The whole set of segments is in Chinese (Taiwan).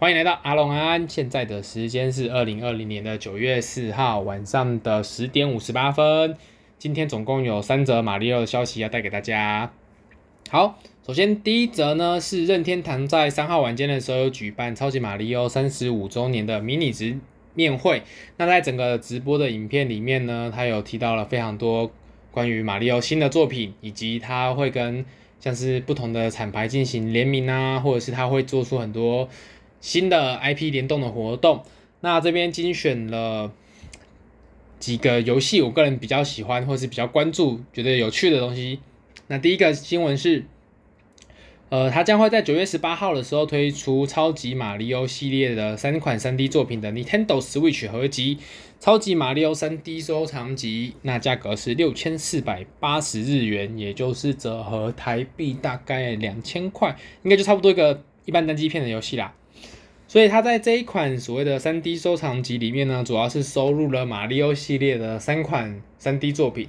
歡迎來到阿隆安安，現在的時間是二零二零年的九月四號晚上的十點五十八分。今天總共有三則馬利奧的消息要帶給大家。好，首先第一則呢是任天堂在三號晚間的時候有舉辦超級馬利奧三十五週年的迷你直面會。那在整個直播的影片裡面呢，他有提到了非常多關於瑪利歐新的作品，以及他會跟像是不同的廠牌進行聯名啊，或者是他會做出很多。新的 IP 聯動的活動，那這邊精選了幾個遊戲，我個人比較喜歡或是比較關注、覺得有趣的東西。那第一個新聞是，呃，它將會在九月十八號的時候推出超級瑪利歐系列的三款三 D 作品的 Nintendo Switch 合集——超級瑪利歐三 D 收藏輯。那價格是六千四百八十日元，也就是折合台幣大概兩千塊，應該就差不多一個一般單機片的遊戲啦。所以他在這一款所謂的三 D 收藏集裡面呢，主要是收錄了馬里奧系列的三款三 D 作品，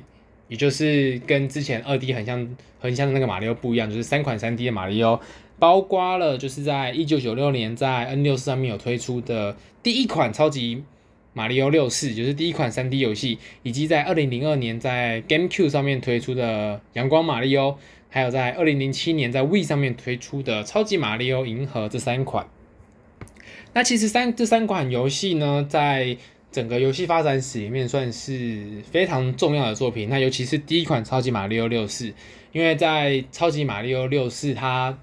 也就是跟之前二 D 很像、很像的那個馬里奧不一樣，就是三款三 D 的馬里奧，包括了就是在一九九六年在 N 六四上面有推出的第一款超級馬里奧六四，就是第一款三 D 遊戲，以及在二零零二年在 GameCube 上面推出的陽光馬里奧，還有在二零零七年在 Wii 上面推出的超級馬里奧銀河這三款。那其實三這三款遊戲呢，在整個遊戲發展史裡面算是非常重要的作品。那尤其是第一款《超級瑪利歐64》，因為在《超級瑪利歐64》，它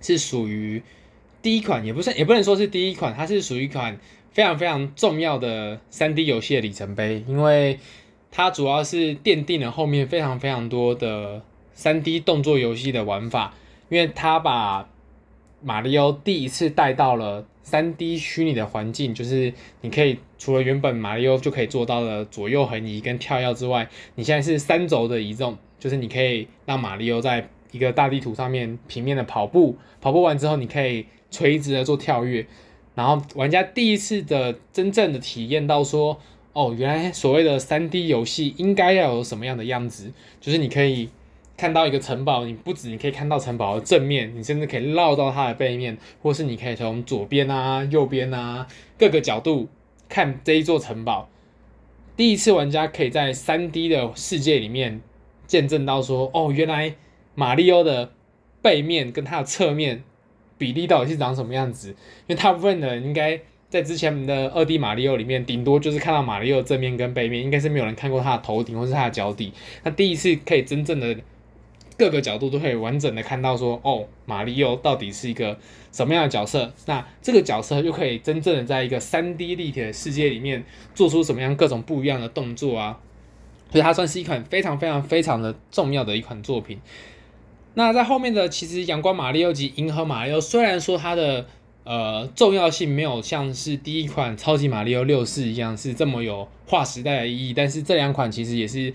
是屬於第一款，也不算，也不能說是第一款，它是屬於一款非常非常重要的 3D 遊戲的里程碑，因為它主要是奠定了後面非常非常多的 3D 動作遊戲的玩法，因為它把瑪利歐第一次帶到了 3D 虛擬的環境，就是你可以除了原本瑪利歐就可以做到的左右橫移跟跳躍之外，你現在是三軸的移動，就是你可以讓瑪利歐在一個大地圖上面平面的跑步，跑步完之後你可以垂直的做跳躍，然後玩家第一次的真正的體驗到說，哦，原來所謂的 3D 遊戲應該要有什麼樣的樣子，就是你可以。看到一個城堡，你不止，你可以看到城堡的正面，你甚至可以繞到它的背面，或是你可以從左邊啊、右邊啊各個角度看這一座城堡。第一次玩家可以在 3D 的世界裡面見證到說，哦，原來瑪利歐的背面跟它的側面比例到底是長什麼樣子？因為大部分的人應該在之前的 2D 瑪利歐裡面，頂多就是看到瑪利歐正面跟背面，應該是沒有人看過它的頭頂或是它的腳底。那第一次可以真正的。各個角度都可以完整的看到說，說哦，瑪利歐到底是一個什麼樣的角色？那這個角色又可以真正的在一個 3D 立體的世界裡面做出什麼樣各種不一樣的動作啊？所以它算是一款非常非常非常的重要的一款作品。那在後面的，其實《陽光瑪利歐》及《銀河瑪利歐》，雖然說它的呃重要性沒有像是第一款《超級瑪利歐六四》一樣是這麼有劃時代的意義，但是這兩款其實也是。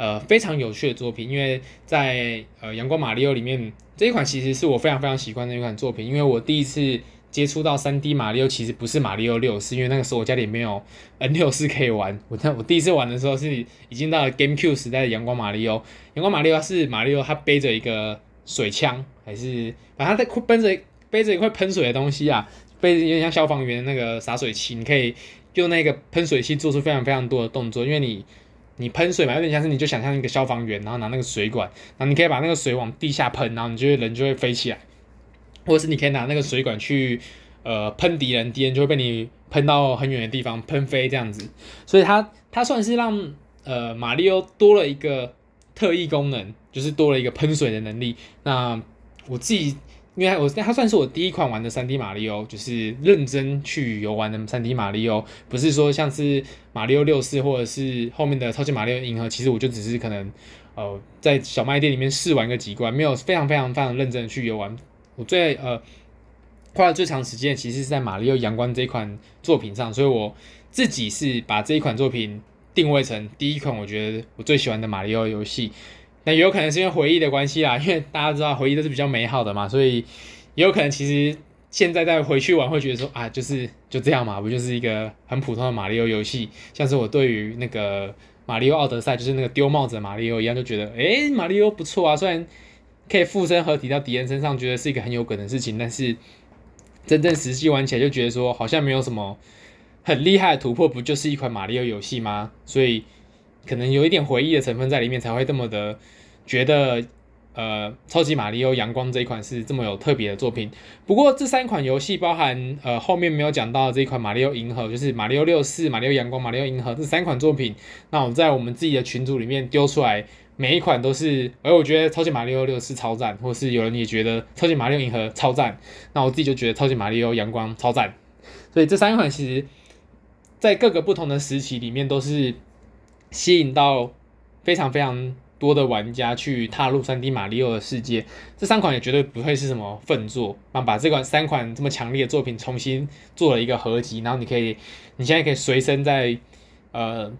呃，非常有趣的作品，因為在呃《陽光馬里奧》裡面，這一款其實是我非常非常喜歡的一款作品。因為我第一次接觸到 3D 馬里奧，其實不是馬里奧64，是因為那個時候我家裡沒有 N64 可以玩。我我第一次玩的時候是已經到了 GameCube 時代的光利《陽光馬里奧》。《陽光馬里奧》是馬里奧，他背着一個水槍，還是反正他在背着背着一塊噴水的東西啊，背着有點像消防員的那個灑水器，你可以用那個噴水器做出非常非常多的動作，因為你。你噴水嘛，有點像是你就想象一個消防員，然後拿那個水管，然後你可以把那個水往地下噴，然後你就會人就會飛起來，或者是你可以拿那個水管去，呃，噴敵人，敵人就會被你噴到很遠的地方噴飛這樣子。所以它它算是讓呃瑪利歐多了一個特異功能，就是多了一個噴水的能力。那我自己。因為我它算是我第一款玩的 3D 馬里奧，就是認真去遊玩的 3D 馬里奧，不是說像是馬里奧六四或者是後面的超級馬里奧銀河，其實我就只是可能、呃、在小賣店裡面試玩個幾關，沒有非常非常非常認真的去遊玩。我最呃花了最長時間，其實是在馬里奧陽光這一款作品上，所以我自己是把這一款作品定位成第一款我覺得我最喜歡的馬里奧遊戲。那也有可能是因為回憶的關係啦，因為大家知道回憶都是比較美好的嘛，所以也有可能其實現在再回去玩，會覺得說啊，就是就這樣嘛，不就是一個很普通的馬里奧遊戲，像是我對於那個馬里奧奧德賽，就是那個丟帽子的馬里奧一樣，就覺得哎，馬里奧不錯啊，雖然可以附身合體到敵人身上，覺得是一個很有梗的事情，但是真正實際玩起來就覺得說好像沒有什麼很厲害的突破，不就是一款馬里奧遊戲嗎？所以。可能有一點回憶的成分在裡面，才會這麼的覺得，呃，超級馬里奧陽光這一款是這麼有特別的作品。不過這三款遊戲包含，呃，後面沒有講到的這一款馬里奧銀河，就是馬里奧六四、馬里奧陽光、馬里奧銀河這三款作品。那我在我們自己的群組裡面丟出來，每一款都是，而、欸、我覺得超級馬里奧六四超讚，或是有人也覺得超級馬里奧銀河超讚，那我自己就覺得超級馬里奧陽光超讚。所以這三款其實，在各個不同的時期裡面都是。吸引到非常非常多的玩家去踏入三 D 馬里奧的世界，這三款也絕對不會是什麼糞作啊！把這款三款這麼強烈的作品重新做了一個合集，然後你可以你現在可以隨身在呃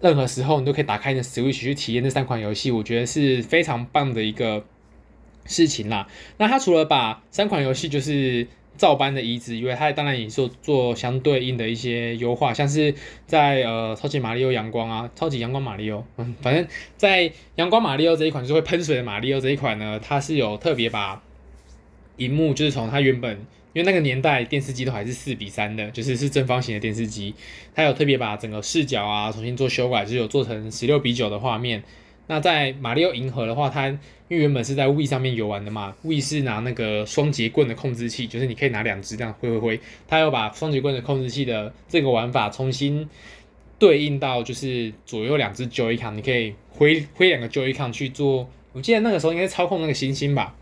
任何時候你都可以打開你的 Switch 去體驗這三款遊戲，我覺得是非常棒的一個事情啦。那他除了把三款遊戲就是。照搬的移植，因為它當然也是有做相對應的一些優化，像是在呃超級瑪利歐陽光啊，超級陽光瑪利歐反正在陽光瑪利歐這一款就是會噴水的瑪利歐這一款呢，它是有特別把螢幕就是從它原本因為那個年代電視機都還是四比三的，就是是正方形的電視機，它有特別把整個視角啊重新做修改，就是有做成十六比九的畫面。那在《瑪利歐銀河》的話，它因為原本是在 Wii 上面遊玩的嘛，Wii 是拿那個雙截棍的控制器，就是你可以拿兩支這樣揮揮揮。它又把雙截棍的控制器的這個玩法重新對應到就是左右兩隻 Joy Con，你可以揮揮兩個 Joy Con 去做。我記得那個時候應該操控那個行星吧，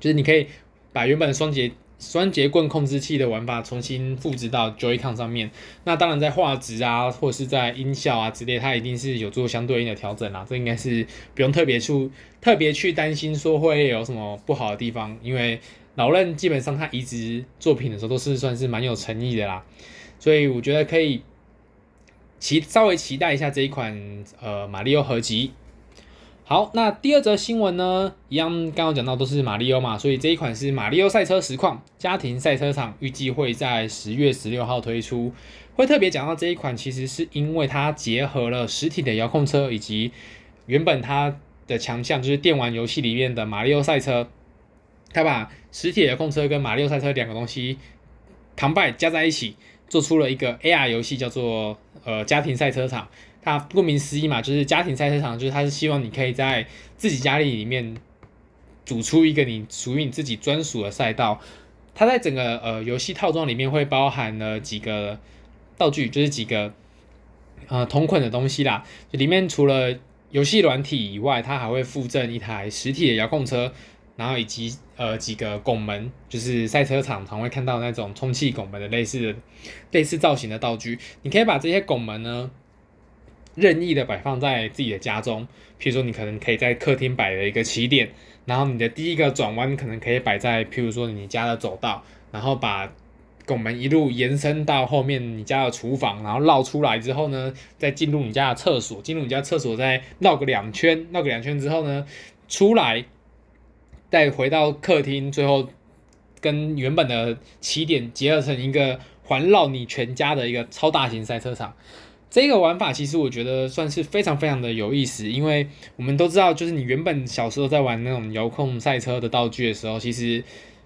就是你可以把原本的雙截雙節棍控制器的玩法重新複製到 Joy-Con 上面，那當然在畫質啊，或者是在音效啊之類，它一定是有做相對應的調整啦。這應該是不用特別去特別去擔心說會有什麼不好的地方，因為老任基本上他移植作品的時候都是算是蠻有誠意的啦，所以我覺得可以期稍微期待一下這一款呃瑪利歐合集。好，那第二則新聞呢，一樣，剛剛講到都是瑪利歐嘛，所以這一款是瑪利歐賽車實況，家庭賽車場，預計會在十月十六號推出。會特別講到這一款，其實是因為它結合了實體的遙控車以及原本它的強項就是電玩遊戲裡面的瑪利歐賽車，它把實體遙控車跟瑪利歐賽車兩個東西 combine 加在一起，做出了一個 AR 遊戲，叫做呃家庭賽車場。啊，它顧名思義嘛，就是家庭賽車場，就是它是希望你可以在自己家裡裡面組出一個你屬於你自己專屬的賽道。它在整個呃遊戲套裝裡面會包含了幾個道具，就是幾個啊同捆的東西啦。裡面除了遊戲軟體以外，它還會附贈一台實體的遙控車，然後以及呃幾個拱門，就是賽車場常會看到的那種充氣拱門的類似的，類似的，類似造型的道具。你可以把這些拱門呢，任意的擺放在自己的家中，譬如說你可能可以在客廳擺的一個起點，然後你的第一個轉彎可能可以擺在，譬如說你家的走道，然後把拱門一路延伸到後面你家的廚房，然後繞出來之後呢，再進入你家的廁所，進入你家廁所再繞個兩圈，繞個兩圈之後呢，出來再回到客廳，最後跟原本的起點結合成一個環繞你全家的一個超大型賽車場。這個玩法其實我覺得算是非常非常的有意思，因為我們都知道，就是你原本小時候在玩那種遙控賽車的道具的時候，其實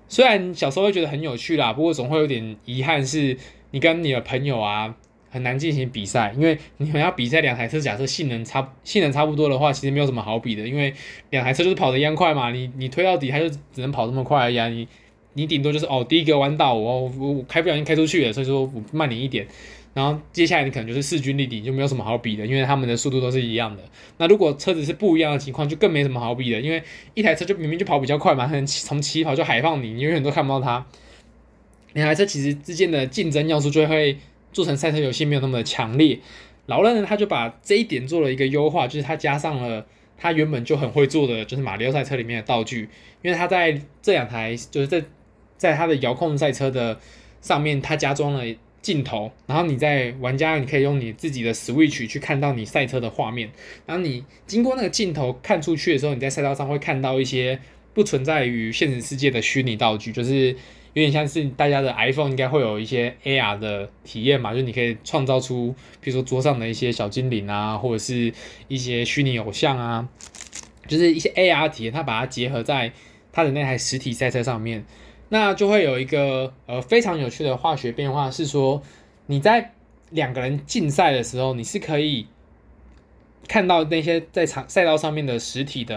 雖然小時候會覺得很有趣啦，不過總會有點遺憾，是你跟你的朋友啊很難進行比賽，因為你們要比賽兩台車，假設性能差性能差不多的話，其實沒有什麼好比的，因為兩台車就是跑得一樣快嘛，你你推到底，它就只能跑這麼快而已啊。你你頂多就是哦第一個彎道我我，我開不小心開出去了，所以說我慢你一點。然後接下來你可能就是勢均力敵，就沒有什麼好比的，因為他們的速度都是一樣的。那如果車子是不一樣的情況，就更沒什麼好比的，因為一台車就明明就跑比較快嘛，從起跑就海放你，你永遠都看不到它。兩台車其實之間的競爭要素就會，會做成賽車遊戲沒有那麼的強烈。老任呢，他就把這一點做了一個優化，就是他加上了他原本就很會做的，就是瑪利歐賽車裡面的道具，因為他在這兩台就是在在他的遙控賽車的上面，他加裝了。鏡頭，然後你在玩家，你可以用你自己的 Switch 去看到你賽車的畫面。然後你經過那個鏡頭看出去的時候，你在賽道上會看到一些不存在於現實世界的虛擬道具，就是有點像是大家的 iPhone 應該會有一些 AR 的體驗嘛，就是你可以創造出，比如說桌上的一些小精靈啊，或者是一些虛擬偶像啊，就是一些 AR 的體驗，它把它結合在它的那台實體賽車上面。那就會有一個呃，非常有趣的化學變化，是說你在兩個人競賽的時候，你是可以看到那些在場賽道上面的實體的，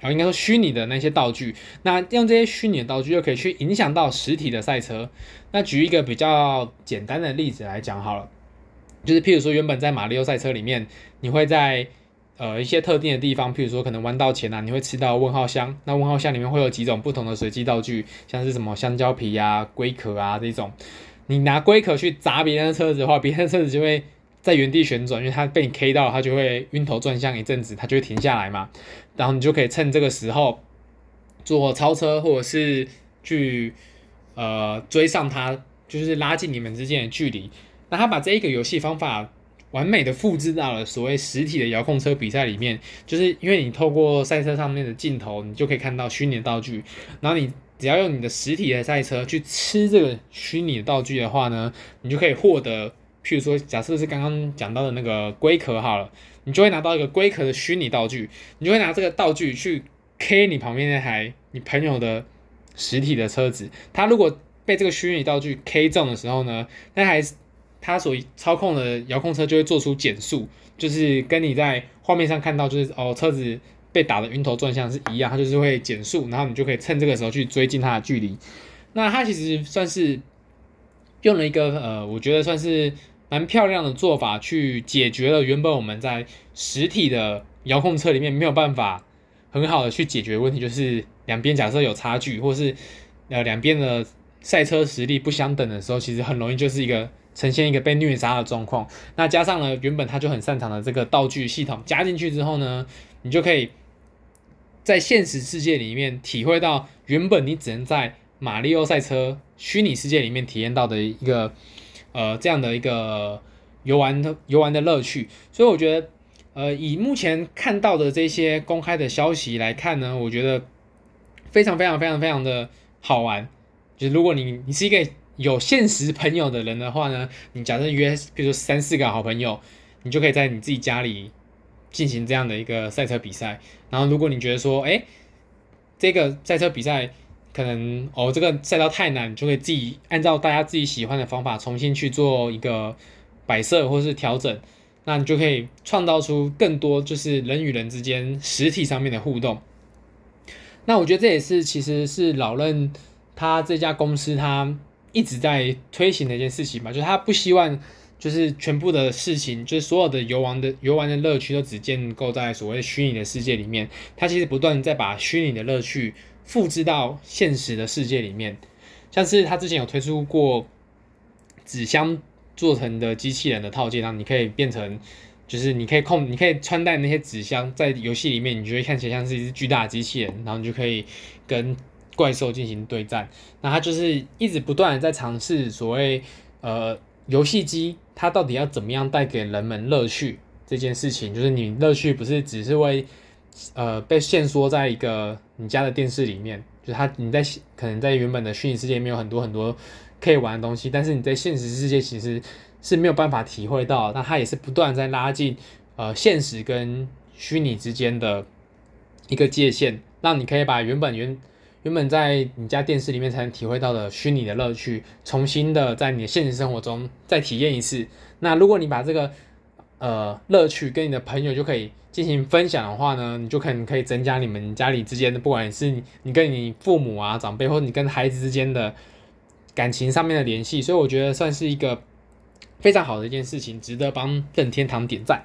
然後，呃，應該說虛擬的那些道具。那用這些虛擬的道具就可以去影響到實體的賽車。那舉一個比較簡單的例子來講好了，就是譬如說原本在瑪利歐賽車裡面，你會在呃，一些特定的地方，譬如說可能彎道前啊，你會吃到問號箱。那問號箱裡面會有幾種不同的隨機道具，像是什麼香蕉皮啊、龜殼啊這種。你拿龜殼去砸別人的車子的話，別人的車子就會在原地旋轉，因為它被你 K 到，它就會暈頭轉向一陣子，它就會停下來嘛。然後你就可以趁這個時候做超車，或者是去呃追上它，就是拉近你們之間的距離。那他把這一個遊戲方法，完美的複製到了所謂實體的遙控車比賽裡面，就是因為你透過賽車上面的鏡頭，你就可以看到虛擬道具，然後你只要用你的實體的賽車去吃這個虛擬的道具的話呢，你就可以獲得，譬如說，假設是剛剛講到的那個龜殼好了，你就會拿到一個龜殼的虛擬道具，你就會拿這個道具去 K 你旁邊那台你朋友的實體的車子，他如果被這個虛擬道具 K 中的時候呢，那還它所操控的遙控車就會做出減速，就是跟你在畫面上看到，就是哦車子被打的暈頭轉向是一樣，它就是會減速，然後你就可以趁這個時候去追近它的距離。那它其實算是用了一個呃，我覺得算是蠻漂亮的做法去解決了原本我們在實體的遙控車裡面沒有辦法很好的去解決問題，就是兩邊假設有差距，或是呃兩邊的賽車實力不相等的時候，其實很容易就是一個。呈現一個被虐殺的狀況，那加上了原本他就很擅長的這個道具系統加進去之後呢，你就可以在現實世界裡面體會到原本你只能在《瑪利歐賽車》虛擬世界裡面體驗到的一個呃這樣的一個遊玩的遊玩的樂趣。所以我覺得，呃，以目前看到的這些公開的消息來看呢，我覺得非常非常非常非常的好玩。就是如果你你是一個有現實朋友的人的話呢，你假設約，比如說三四個好朋友，你就可以在你自己家裡進行這樣的一個賽車比賽。然後，如果你覺得說，哎、欸，這個賽車比賽可能哦，這個賽道太難，你就可以自己按照大家自己喜歡的方法重新去做一個擺設或是調整，那你就可以創造出更多就是人與人之間實體上面的互動。那我覺得這也是其實是老任他這家公司他一直在推行的一件事情嘛，就是他不希望，就是全部的事情，就是所有的遊玩的遊玩的樂趣都只建構在所謂的虛擬的世界裡面。他其實不斷在把虛擬的樂趣複製到現實的世界裡面，像是他之前有推出過紙箱做成的機器人的套件，然後你可以變成，就是你可以控，你可以穿戴那些紙箱在遊戲裡面，你就會看起來像是一隻巨大的機器人，然後你就可以跟。怪獸進行對戰，那他就是一直不斷的在嘗試所謂呃遊戲機它到底要怎麼樣帶給人們樂趣這件事情，就是你樂趣不是只是會呃被限縮在一個你家的電視裡面，就是他，你在可能在原本的虛擬世界裡面有很多很多可以玩的東西，但是你在現實世界其實是沒有辦法體會到，那他也是不斷在拉近呃現實跟虛擬之間的一個界限，讓你可以把原本原原本在你家電視裡面才能體會到的虛擬的樂趣，重新的在你的現實生活中再體驗一次。那如果你把這個呃樂趣跟你的朋友就可以進行分享的話呢，你就可以，可以增加你們家裡之間的，不管你是你，你跟你父母啊長輩，或者你跟孩子之間的感情上面的聯繫。所以我覺得算是一個非常好的一件事情，值得幫任天堂點讚。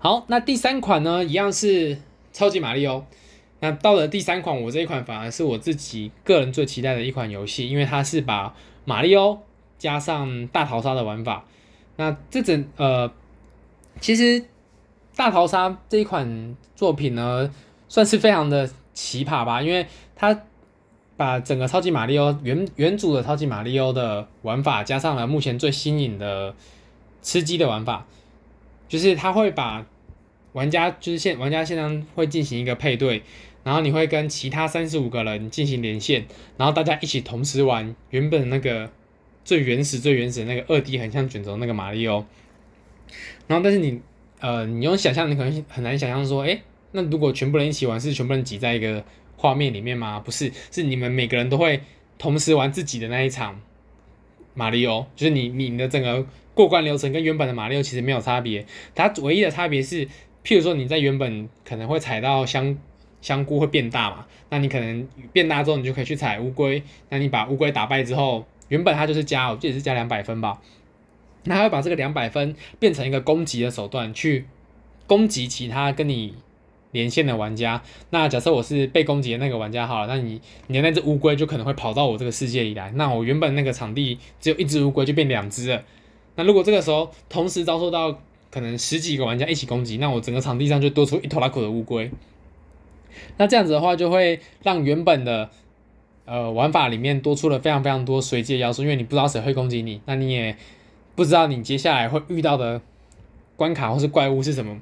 好，那第三款呢，一樣是超級瑪利歐。那到了第三款，我這一款反而是我自己個人最期待的一款遊戲，因為它是把瑪利歐加上大逃殺的玩法。那這整呃，其實大逃殺這一款作品呢，算是非常的奇葩吧，因為它把整個超級瑪利歐原原主的超級瑪利歐的玩法，加上了目前最新穎的吃雞的玩法，就是他會把玩家就是現玩家現在會進行一個配對。然後你會跟其他三十五個人進行連線，然後大家一起同時玩原本那個最原始、最原始的那個二 D 橫向卷軸那個馬里奧。然後，但是你呃，你用想象，你可能很難想象說，哎，那如果全部人一起玩，是全部人擠在一個畫面裡面嗎？不是，是你們每個人都會同時玩自己的那一場馬里奧，就是你你的整個過關流程跟原本的馬里奧其實沒有差別，它唯一的差別是，譬如說你在原本可能會踩到相。香菇會變大嘛，那你可能變大之後，你就可以去踩烏龜。那你把烏龜打敗之後，原本它就是加，我記得是加兩百分吧。那他會把這個兩百分變成一個攻擊的手段，去攻擊其他跟你連線的玩家。那假設我是被攻擊的那個玩家好了，那你，你的那隻烏龜就可能會跑到我這個世界裡來。那我原本那個場地只有一隻烏龜，就變兩隻了。那如果這個時候同時遭受到可能十幾個玩家一起攻擊，那我整個場地上就多出一拖拉庫的烏龜。那這樣子的話，就會讓原本的呃玩法裡面多出了非常非常多隨機的要素，因為你不知道誰會攻擊你，那你也不知道你接下來會遇到的關卡或是怪物是什麼，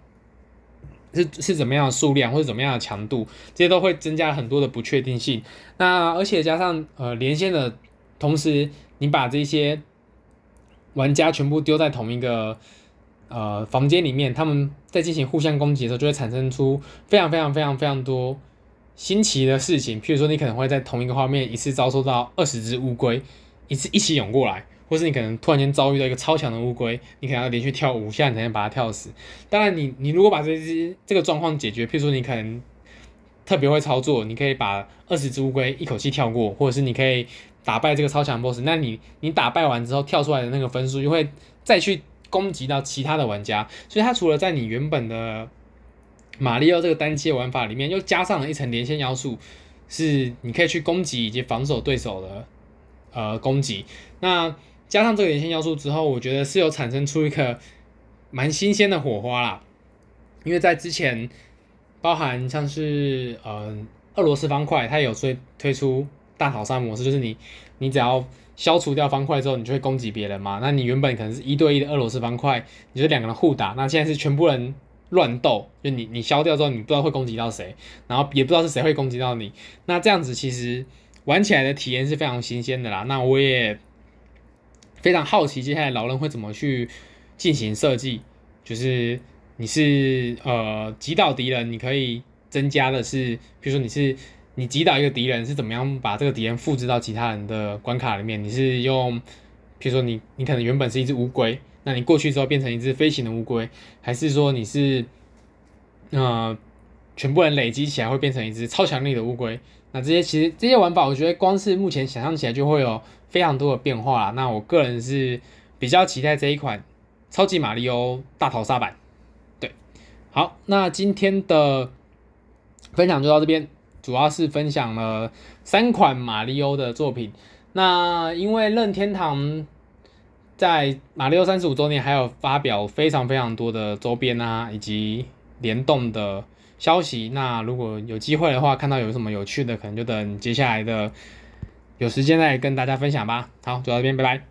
是是怎麼樣的數量或是怎麼樣的強度，這些都會增加很多的不確定性。那而且加上呃連線的同時，你把這些玩家全部丟在同一個。呃，房間裡面他們在進行互相攻擊的時候，就會產生出非常非常非常非常多新奇的事情。譬如說，你可能會在同一個畫面一次遭受到二十隻烏龜一次一起湧過來，或是你可能突然間遭遇到一個超強的烏龜，你可能要連續跳五下才能把它跳死。當然你，你你如果把這隻這個狀況解決，譬如說你可能特別會操作，你可以把二十隻烏龜一口氣跳過，或者是你可以打敗這個超強 boss。那你你打敗完之後跳出來的那個分數，就會再去。攻擊到其他的玩家，所以他除了在你原本的馬里奧這個單機玩法裡面，又加上了一層連線要素，是你可以去攻擊以及防守對手的呃攻擊。那加上這個連線要素之後，我覺得是有產生出一個蠻新鮮的火花啦，因為在之前包含像是嗯、呃、俄羅斯方塊，它有推推出。大逃殺模式就是你，你只要消除掉方塊之後，你就會攻擊別人嘛。那你原本可能是一對一的俄羅斯方塊，你就兩個人互打。那現在是全部人亂鬥，就你你消掉之後，你不知道會攻擊到誰，然後也不知道是誰會攻擊到你。那這樣子其實玩起來的體驗是非常新鮮的啦。那我也非常好奇，接下來老任會怎麼去進行設計，就是你是呃擊倒敵人，你可以增加的是，比如說你是。你擊倒一個敵人是怎麼樣把這個敵人複製到其他人的關卡裡面？你是用，比如說你你可能原本是一隻烏龜，那你過去之後變成一隻飛行的烏龜，還是說你是，呃，全部人累積起來會變成一隻超強力的烏龜？那這些其實這些玩法，我覺得光是目前想象起來就會有非常多的變化。那我個人是比較期待這一款超級瑪利歐大逃殺版。對，好，那今天的分享就到這邊。主要是分享了三款馬里奧的作品。那因為任天堂在馬里奧三十五周年，還有發表非常非常多的周邊啊，以及聯動的消息。那如果有機會的話，看到有什麼有趣的，可能就等接下來的有時間再跟大家分享吧。好，就到這邊，拜拜。